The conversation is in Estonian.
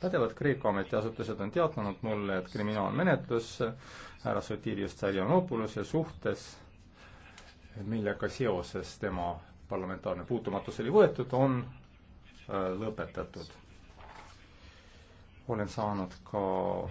pädevad Kreeka ametiasutused on teatanud mulle, et kriminaalmenetlus härra Sotirius Tsarjanopuluse suhtes, millega seoses tema parlamentaarne puutumatus oli võetud, on äh, lõpetatud. olen saanud ka